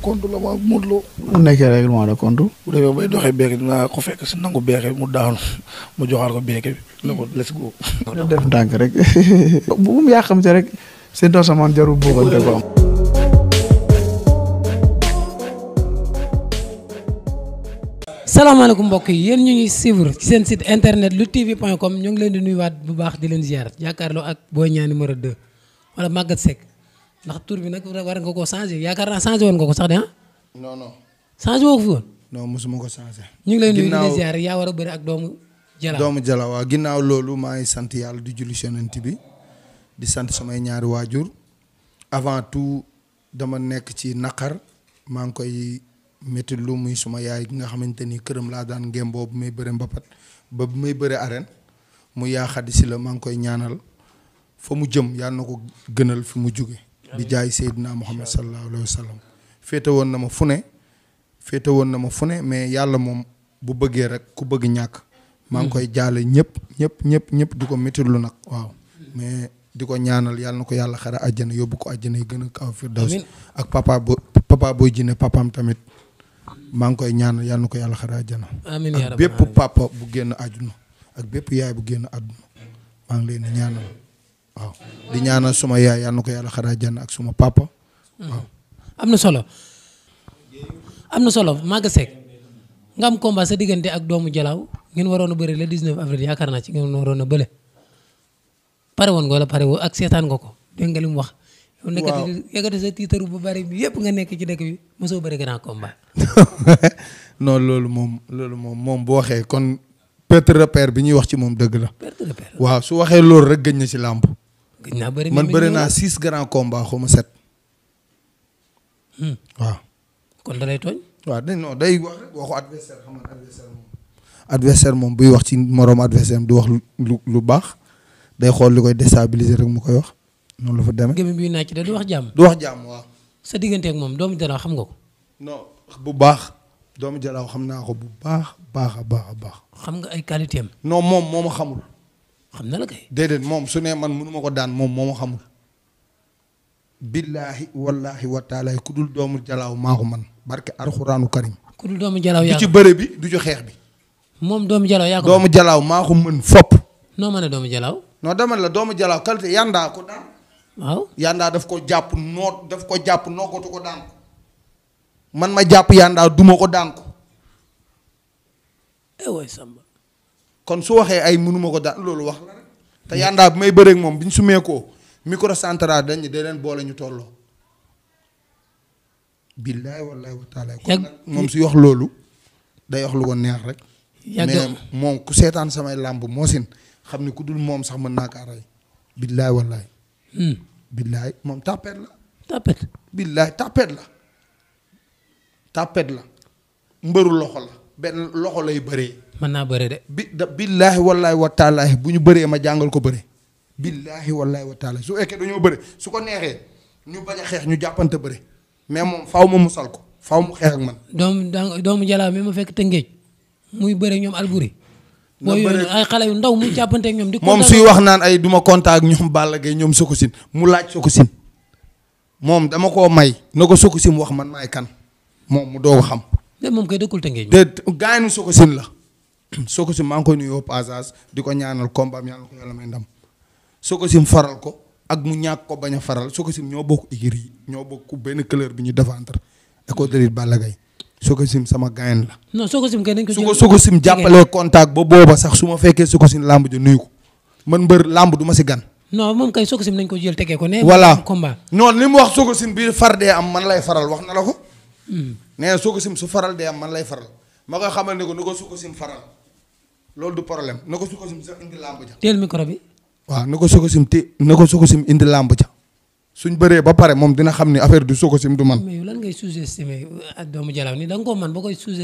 compte la ma Modou Lo. mu nekkee règlement de compte. bu demee bay doxee beeke dinaa ko fekk si nangu beeke mu daanu mu joxaat ko beeke bi ne ko def ndànk rek bu mu yàqamte rek seen dosamaan jarul boobante ko am. salaamaaleykum mbokk yi yéen ñu ngi suivre ci seen internet lu tv comme ñoo ngi leen di nuyuwaat bu baax di leen ziar jàkkaarloo ak Boy Niang numéro 2 wala Maguette Seck ndax tour bi nag war nga ko changé yaakaar naa changé woon nga ko sax de ah. non non. woo ko fi woon. non mosuma ko changé. ñu ngi lay nuyu di la yaa war a bari ak doomu. Jalla doomu Jalla ginnaaw loolu maa ngi sant yàlla di julli yonent bi di sant samay ñaari waajur avant tout dama nekk ci naqar maa ngi koy métti lu muy suma yaay gi nga xamante ni këram laa daan ngem boobu may bëre mbapat ba bu may bëre arène mu yaa xaddi si la maa ngi koy ñaanal fa mu jëm yàlla na ko gënal fi mu jóge di jaay Seydina Muhammad sallallahu alayhi wa sallam féete woon na ma fu ne woon na ma fu ne mais yàlla moom bu bëggee rek ku bëgg ñàkk maa ngi hmm. koy jaale ñëpp ñëpp ñëpp ñëpp di ko métitlu nag waaw mais di ko ñaanal yàlla na ko yàlla xare àjjana yóbbu ko àjjana yi gën a kaw firdaws ak papa bo papa booy jinne papaam tamit maa ngi koy ñaanal yàlla ko yàlla xare àjjana amiin ak bépp papa bu génn àdduna ak bépp yaay bu génn àdduna maa ngi leen di ñaanal waaw di ñaanal suma yaay yal na ko yàlla xaraa jànn ak suma papa am na solo am na solo Maga Seck nga am combat sa diggante ak doomu Jalaaw ngeen waroon a bëri le 19 avril yaakaar naa ci ngeen waroon a bële pare woon nga wala pare ak seetaan nga ko dégg nga wax. waaw nekkati sa tiitaru bu bari bi yëpp nga nekk ci dëkk bi mosoo bëri grand combat. non loolu moom loolu moom moom bu waxee kon perte repère bi ñuy wax ci moom dëgg la. perte repère waaw su waxee loolu rek gëj na ci làmb. gëj naa bëri man bëri naa six grands combats xaw ma set. Hmm. waaw. kon da lay tooñ. waaw dañ non day wax rek waxu adversaire moom. adversaire buy wax ci moroom adversaire du wax lu lu baax day xool lu koy déstabiliser rek mu koy wax noonu la fa demee. gémmiñ bi naa ci da du wax jàmm. du wax jàmm waaw. sa diggante ak moom doomu jalaaw xam nga ko. non bu baax. doomu jalaaw xam naa ko bu baax baax a baax baax. xam nga ay qualité am. moom moom moo xamul. xam na la kay. déedéet moom su nee man mënu ma ko daan moom moo ma xamul. billaahi wallaahi wataalaay ku dul doomu jalaaw maa ko man barke arxuraanu karim. ku dul doomu jalaaw yaa du ci bëre bi du ci xeex bi. moom doomu jalaaw yaa ko doomu jalaaw maa ko mën fopp. noo mën a doomu jalaaw. non dama la doomu jalaaw qualité yandaa ko daan. waaw yandaa daf ko jàpp noot daf ko jàpp noogatu ko daan man ma jàpp yandaa duma ko daan ko. Eh, kon su waxee ay mënuma ko daal loolu wax la rek te yandaa bi may bëreeg moom bi ñu sumee koo micro central dañ da leen boole ñu tolloo. billaay wallaay wa taala kon moom si wax loolu day wax lu ko neex rek. mais moom ku seetaan samay làmb moo sin xam ne ku dul moom sax mën naa kaa rey. billaay wallaay. Hmm. billaay moom tàppet la. tàppet billaay tàppet la. tàppet la mbëru loxo la benn loxo lay bëree. man naa bëre de. bi da billaahi wallaahi wa taalaahi bu ñu bëree ma jàngal ko bëre. billaahi wallaahi wa taalaahi su fekkee dañoo bëre su ko neexee ñu bañ xeex ñu jàppante bëre mais moom faw ma musal ko faw mu xeex ak man. doomu doomu jalaaw mi ma fekk tëngéej muy bëre ñoom alburi na bëri ay xale yu ndaw muy jàppante ñoom. di moom suy wax naan ay duma contact ñoom Balla Gaye ñoom Sokocine mu laaj Sokocine moom dama koo may na ko si mu wax man maay kan moom mu doo xam. de moom kay dëkkul tëngéej. de gaañu Sokocine la. soo ko si maa ngi koy nuyoo ko ñaanal combat ñaanal ko yàlla may ndam soo ko sim faral ko ak mu bi ñu de lutte Balla Gaye soo ko sim sama gayen la. non soo ko sim kay dañ ko. su ko soo contact ba booba sax su ma fekkee soo ko sim làmb ja nuyu ko man mbër làmb du ma si gan. non moom kay soo ko sim nañ ko jël tegee ko ne. voilà combat non li mu wax soo ko sim wax na la ko. na soo ko su faral dee am man lay faral ma koy xamal ne ko ni ko soo ko sim faral. loolu du problème na ko Sococim sax indi làmb ja. teel micro bi. waaw na ko Sococim té indi làmb ja suñ bëree ba pare moom dina xam ni affaire du Sococim du man. mais lan ngay sous-estimer ak doomu Jalaaw ni da nga koo man ba koy sous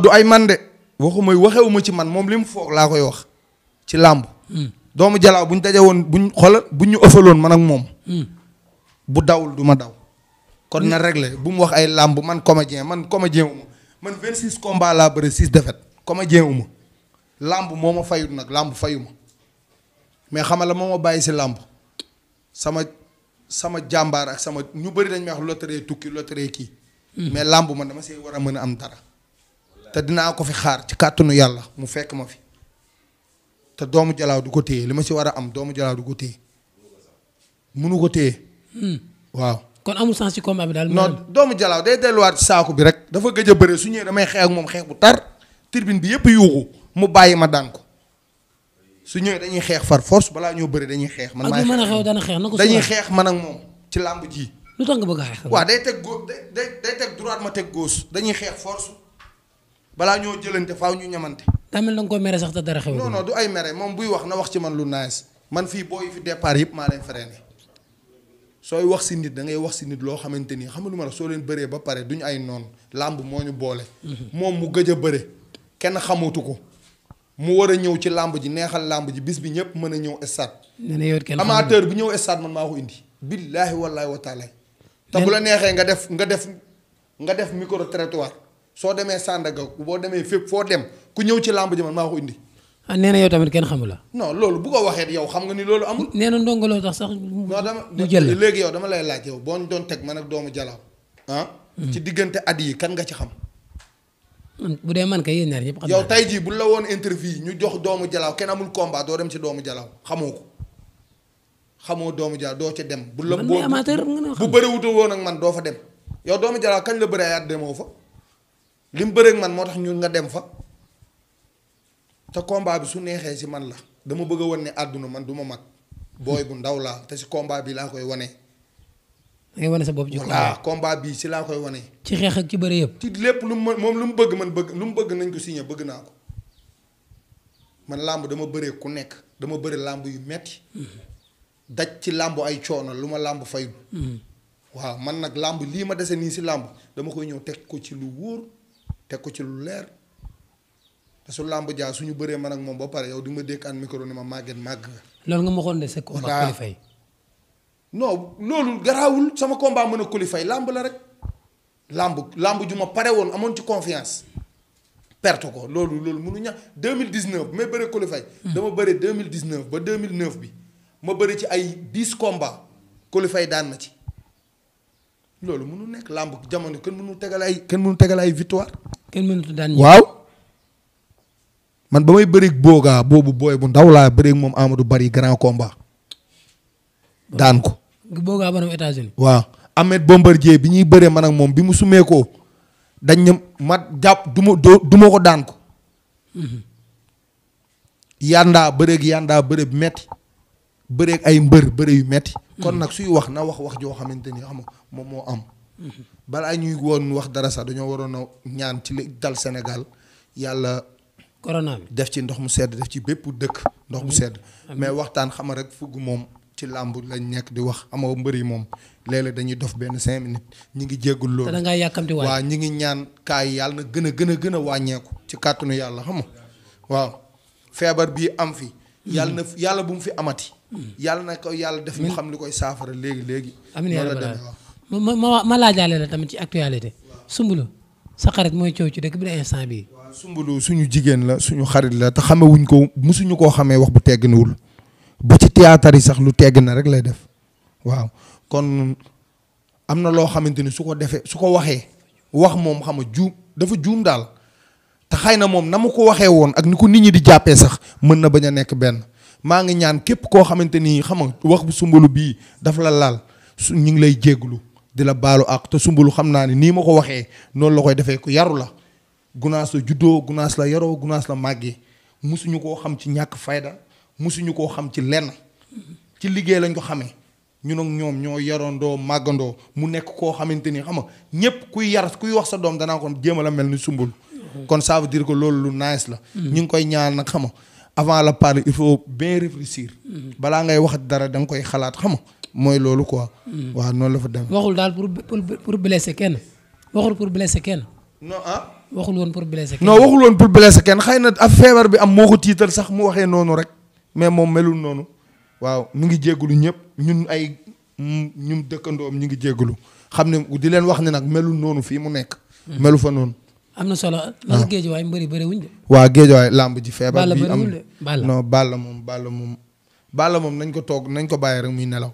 du ay man de waxuma waxewuma ci man moom li mu foog laa koy wax ci làmb. Hmm. doomu Jalaaw buñ dajee woon buñ xoolal buñ ñu ëffaloon man ak moom. Hmm. bu dawul du ma daw. kon hmm. na réglé bu mu wax ay làmb man comédien man comédien wu ma man 26 combats laa bëri 6 défaites comédien wu ma. làmb moo ma fayut nag làmb fayu ma mais xamal la moo ma bàyyi si làmb sama sama jàmbaar ak sama ñu bëri dañ may wax loteree tukki loteree kii. Hmm. mais làmb man dama see war a mën a am dara. te dinaa ko fi xaar ci kàttanu yàlla mu fekk ma fi. te doomu jalaaw du ko téye li ma si war a am doomu jalaaw du ko téye munu ko téye. Hmm. waaw. kon amul sens ci combat bi daal. non doomu jalaaw day delluwaat ci saako bi rek. dafa gëj a bëre su ñëwee damay xeex ak moom xeex bu tar. tribune bi yëpp yuuxu. mu bàyyi ma daan ko su ñëwee dañuy xeex far force balaa ñoo bëri dañuy xeex. man maay xeex dañuy xeex man ak moom ci làmb jii lu tax nga bëgg a xeex. waaw day teg gauche day teg droite ma teg gauche dañuy xeex force balaa ñoo jëlante faaw ñu ñamante. daa mel na nga ko mere sax te dara xew. non non du ay mere moom buy wax na wax ci man lu nice man fii booy fi départ yëpp maa leen freiné sooy wax si nit da ngay wax si nit loo xamante ni xam nga lu ma la soo leen bëree ba pare duñu ay noonu làmb moo ñu boole. Mhm. moom mu gëj a bëre kenn xamatu ko. mu war a ñëw ci làmb ji neexal làmb ji bis bi ñëpp mën a ñëw stade. nee amateur bu ñëw stade man maa ko indi. billaahi wallaahi wa taala te mu la neexee nga def nga def nga def micro trottoir soo demee Sandaga boo demee fépp foo dem ku ñëw ci làmb ji man maa ko indi. ah nee na yow tamit kenn xamula non loolu bu ko waxee yow xam nga ni loolu amul. nee na ndongoloo tax sax. mu jël dama léegi yow dama lay laaj yow boo ñu doon teg man ak doomu Jalaaw ah. Hmm. ci diggante at yi kan nga ci xam. bu dee man kay yéen ñaar ñëpp xam yow tey jii bu la woon interview ñu jox doomu jalaaw kenn amul combat doo dem ci doomu jalaaw xamoo ko xamoo doomu jalaaw doo ci dem. bu la boo bu bëriwutu woon ak man doo fa dem. yow doomu jalaaw kañ la bari ayaat demoo fa li mu bëreeg man moo tax ñu nga dem fa te combat bi su neexee si man la dama bëgg a ne àdduna man du ma mag. booy bu ndaw laa te si combat bi laa koy wane. da ngay wane sa bopp ci combat combat bii si laa koy wane. ci xeex ak ci bëre yëpp. ci lépp lu mu moom lu mu bëgg man bëgg lu mu bëgg nañ ko signé bëgg naa ko man làmb dama bëree ku nekk dama bëri làmb yu metti mm-hmm. daj ci làmb ay coono lu ma làmb fayul. Mm-hmm. waaw man nag làmb lii ma dese nii si làmb dama koy ñëw teg ko ci lu wóor teg ko ci lu leer te su làmb jaa suñu bëree man ak moom ba pare yow di ma dégg an micro ni ma màgget màgg nga. loolu nga ma waxoon de no loolu garaawul sama combat mën a kolifay làmb la rek làmb làmb ju ma pare woon amoon ci confiance perte ko loolu loolu mënu ña 2019 mais bëre qualifier dama bëre 2019 ba 2009 bi ma bëri ci ay 10 combats qualifier daan na ci loolu mënu nekk làmb jamono kenn mënu tegal ay kenn mënu tegal ay victoire. kenn mënut daan waaw. man ba may bëreeg boogaa boobu booy bu ndaw laa bëreeg moom Amadou Bari grand combat daan ko. boogaa borom États-Unis waaw Ahmed Bombardier bi ñuy bëree man ak moom bi mu sumee ko dañ ne ma jàpp duma ma du ko daan ko. Mhm. yandaa bëreeg yandaa bëre bu metti bëreeg ay mbër bëre yu metti mhm. kon nag suy wax na wax wax joo xamante ni xam moom moo am. Mhm. balaa ñuy woon wax dara sax dañoo waroon a ñaan ci li dal Sénégal yàlla. corona bi def ci ndox mu sedd def ci bépp dëkk. ndox mu sedd mais waxtaan xama rek fugg moom. ci làmb lañu nekk di wax amoo mbër yi moom léeg dañuy dof benn cinq minutes ñi ngi jéggul loolu. te da ngaa yàkkamti waay waaw ñi ngi ñaan kaay yàlla na gën a gën a gën a wàññeeku. ci kàttanu yàlla xam waaw feebar bii am fi. yàlla na yàlla bu mu fi amati. yàlla na ko yàlla def ñu xam li koy saafara léegi léegi. am amiin la demee waaw ma ma ma laajaale la tamit ci actualité. Soumboulou sa xarit mooy coow ci dëkk bi la instant bii. suñu jigéen la suñu xarit la te xamewuñ ko mosuñu koo xamee wax bu tegginuwul bu ci théâtre yi sax lu tegg na rek lay def waaw kon am na loo xamante ni su ko defee su ko waxee wax moom xam nga juum dafa juum daal te xëy na moom na mu ko waxee woon ak ni ko nit ñi di jàppee sax mën na bañ a nekk benn maa ngi ñaan képp koo xamante ni xam nga wax bu sumbalu bii dafa la laal su ñu ngi lay jégglu di la baalu ak te sumbalu xam naa ni nii ma ko waxee noonu la koy defee ku yaru la gunaas la juddoo gunaas la yaroo gunaas la màggee musuñu koo xam ci ñàkk fayda musuñu koo xam ci lenn ci liggéey lañ ko xamee ñu ak ñoom ñoo yarandoo màggandoo mu nekk koo xamante ni xam nga ñëpp kuy yar kuy wax sa doom danaa ko jéem a la mel ni sumbul. kon ça veut dire loolu lu nice la. Mm-hmm. ñu ngi koy ñaan nag xam avant la parler il faut bien réfléchir. Mm-hmm. balaa ngay wax dara da nga koy xalaat xam mooy loolu quoi. Mm-hmm. waaw noonu la fa demee. waxul daal pour pour blesser kenn waxul pour blesser kenn. non ah. waxul woon pour blesser kenn. non waxul kenn xëy na ab feebar bi am moo ko tiital sax mu waxee noonu rek. mais moom melul noonu waaw mu ngi jégalu ñëpp ñun ay ñun dëkkandoom ñu ngi jégalu xam ne di leen wax ne nag melul noonu fii mu nekk. Hmm. melu fa noonu. am na solo lan ah. géejawaay mbëri bëri wuñ de. waaw géejawaay làmb ji feebar bi am balla non balla moom balla moom. balla moom nañ ko toog nañ ko bàyyi rek muy nelaw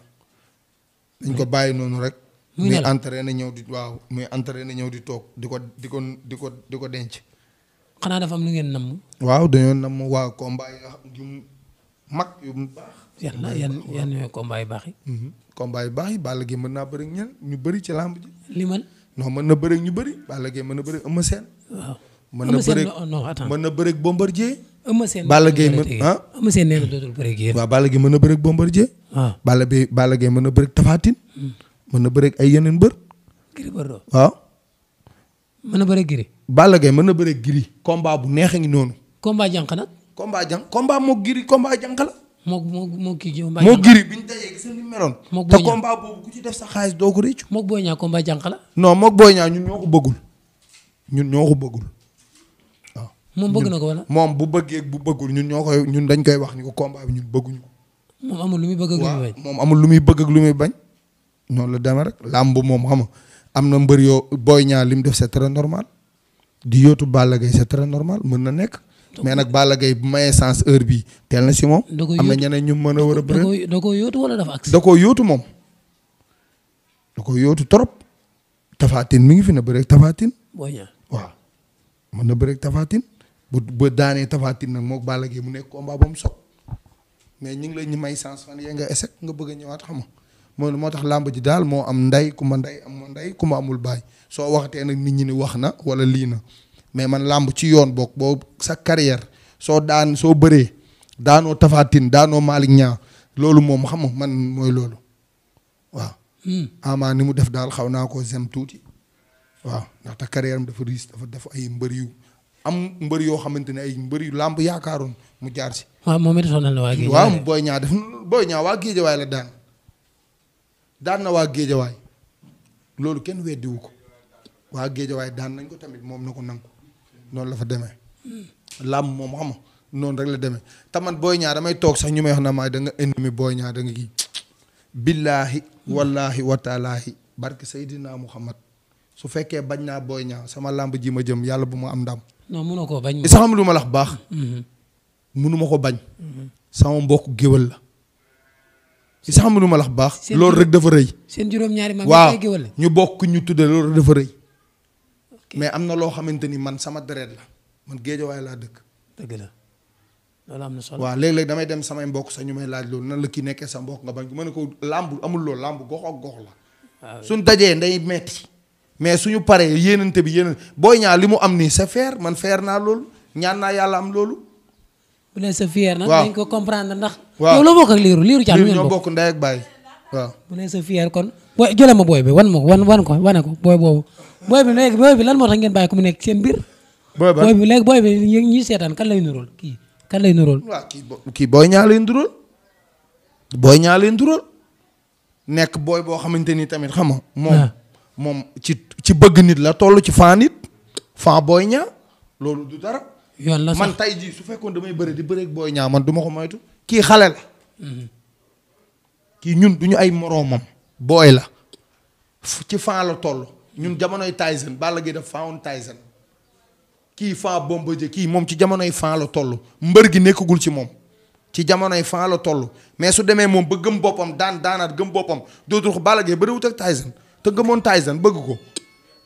nañ ko bàyyi noonu rek. muy nelaw muy ñëw di waaw muy na ñëw di toog di ko di ko di ko di ko denc. xanaa dafa am ngeen namm. waaw dañoo namm waa combat yi nga mag yu baax. yan la yan yan ñooy combat yu baax yi. combat baax yi Balla Gaye mën naa bëri ak ñu bëri ci làmb ji. li man non mën na bëri ñu bëri Balla Gaye mën na bëri ak Eumeu Sène. waaw Eumeu Sène non attends mën na bëri ak Bombardier. Eumeu Sène Balla Gaye mën ah. Eumeu Sène nee mën na bëri ak Bombardier. waaw Balla Gaye Balla Gaye mën na bëri ak na bëri ay yeneen bër. Gris waaw. mën na bëri ak Gris. Balla mën na bëri ak Gris. bu neex a noonu. combat jànq nag combat jàng combat moo giri combat jàng la. moo moo moo kii giri bi ñu dajee gis ni meloon. te combat boobu ku ci def sa xaalis doo ko réccu. moog booy ñaa la. non moog booy ñaa ñun ñoo ko bëggul ko bëggul waaw. moom bëgg na ko moom bu bëggee bu bëggul ñun ñoo koy ñun dañ koy wax ni ko combat bi ñun bëgguñu ko. moom amul lu muy bëgg lu muy bañ moom amul lu muy bëgg lu muy bañ. noonu la demee rek làmb moom xam am na mbër yoo booy ñaa li mu def sa très normal di yóotu Balla Gaye c'est normal mën na nekk mais nag Balla Gaye bu mayee sens heure bi teel na si moom. am na ñeneen ñu mën a war a bëre. da koo yootu wala dafa agsi. da koo yóotu moom. da koo yóotu trop. tafaatin mi ngi fi na bëreeg Tafatine. waaw mën na bëreeg Tafatine. bu bu daanee Tafatine nag moo Balla Gaye mu nekk combat ba mu soog mais ñu ngi la ñu may sens fan yee nga échec nga bëgg a ñëwaat xam nga moo tax làmb ji daal moo am nday ku ma nday am ma nday ku ma amul baay soo waxtee nag nit ñi ni wax na wala lii na. mais man làmb ci yoon bokk boo sa carrière soo daan soo bëree daanoo tafaatin daanoo Malick ñaa loolu moom xam man mooy loolu waaw. Hmm. ama ni mu def daal xaw naa ko zem tuuti waaw ndaxte carrière am dafa dafa def ay mbër am mbër yoo xamante ne ay mbër yu làmb yaakaaroon mu jaar si. waaw moom it sonal na waa Géejawaay waaw booy ñaa def booy ñaa waa Géejawaay la daan daan na waa Géejawaay loolu kenn weddiwu ko waa Géejawaay daan nañ ko tamit moom na ko nangu. noonu la fa demee. Hmm. làmb moom xam noonu rek la deme te man booy ñaar damay toog sax ñu may wax na maay da nga booy ñaar da nga kii. billaahi wallaahi wataalaahi barke Seydina Muhammad su fekkee bañ naa booy ñaar sama làmb ji ma jëm yàlla bu ma am ndam. non munoo koo bañ. sax xam lu ma lax baax. Hmm. munuma ko bañ. Hmm. sama mbokk géwël la. sax xam lu ma lax baax. loolu rek dafa rëy. seen juróom-ñaari mag waaw ñu bokk ñu tuddee loolu rek dafa rëy. mais am na loo xamante ni man sama deret la man géejawaay laa dëkk. dëgg la loolu am na solo. waa léeg-léeg damay dem samay mbokk sax ñu may laaj loolu nan la kii nekkee sa mbokk nga bañ ma ne ko làmb amul loolu làmb ak gox la. waaw ah suñ dajee metti mais suñu paree yéenante bi yéen booy ñaar li mu am nii c'est man fier naa loolu ñaan naa yàlla am loolu. bu leen sa fier nag. ndax. waaw yow loo bokk ak liiru liiru caa ñoo bokk ndey ak baay waaw. bu leen sa fier kon booy jëlee ma booy bi wan ma wan wan ko wane ko booy boobu booy bi léegi bi lan moo tax ngeen bàyyi ko mu nekk seen mbir. booy ba booy bi léegi booy bi ñuy seetaan kan lay nuróol kii kan lay nuróol. waaw kii kii booy ñaa lay nuróol nekk booy boo xamante ni tamit xam nga. moom ah. ci ci bëgg nit la toll ci faa nit faa booy ñaa loolu du dara. yoon la man tey jii su fekkoon damay bëri di bëreeg booy ñaa man duma ko moytu. kii xale la. Mm-hmm. kii ñun du ñu ay moroomam. booy la. ci faa la toll. ñun jamonoy Tyson Balla Gaye daf faa woon Tyson kii faa Bombardier kii moom ci jamonoy faa la toll mbër gi nekkagul ci moom ci jamonoy faa la toll mais su demee moom ba gëm boppam daan daanaat gëm boppam doo ko Balla Gaye ba bëriwut ak te gëmoon Tyson bëgg ko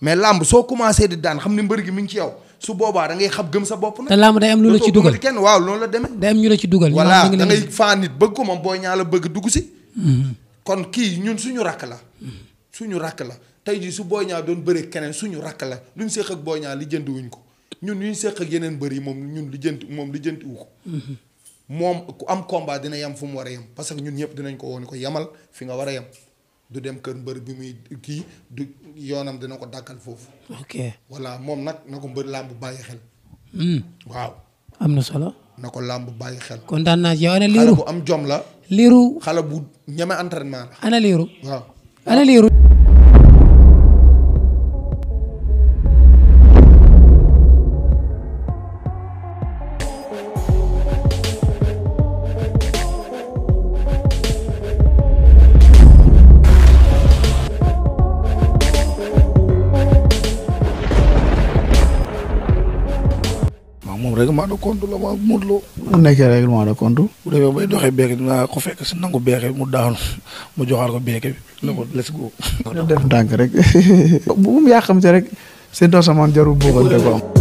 mais làmb soo commencé di daan xam ni mbër gi mi ngi ci yow su boobaa da ngay xam gëm sa bopp nag. te làmb day am lu la ci dugal kenn waaw loolu la demee. day am ñu la ci dugal. voilà da ngay faa nit bëgg ko moom booy ñaa la bëgg dugg si. Mm-hmm. kon kii ñun suñu rakk la. Mm-hmm. suñu rakk la. tey jii su Boy Niang doon bëre keneen suñu rakk la lu ñu séq ak Boy Niang li jënd wuñ ko ñun ñu séq ak yeneen yi moom ñun li jënd moom li jënd wu ko. moom ku am combat dina yem fu mu war a yem parce que ñun ñëpp dinañ ko woon ko yemal fi nga war a yem du dem kër mbër bi muy kii du yoonam dina ko dàkkal foofu. ok voilà moom nag na ko mbër làmb bàyyi xel. Hmm. waaw. am na solo. na ko làmb bàyyi xel. kontaan naa ci yow ana am jom la. liiru xale bu ñeme entraînement la. ana liiru. waaw ana liiru. règlement de compte la ma Modou Lo. mu nekkee règlement de compte. bu demee bay doxee beeke dinaa ko fekk si nangu beeke mu daanu mu joxaat ko beeke bi. ne ko let's go. def ndànk rek. bu mu yàqamte rek seen doosamaan jarul bëggante ko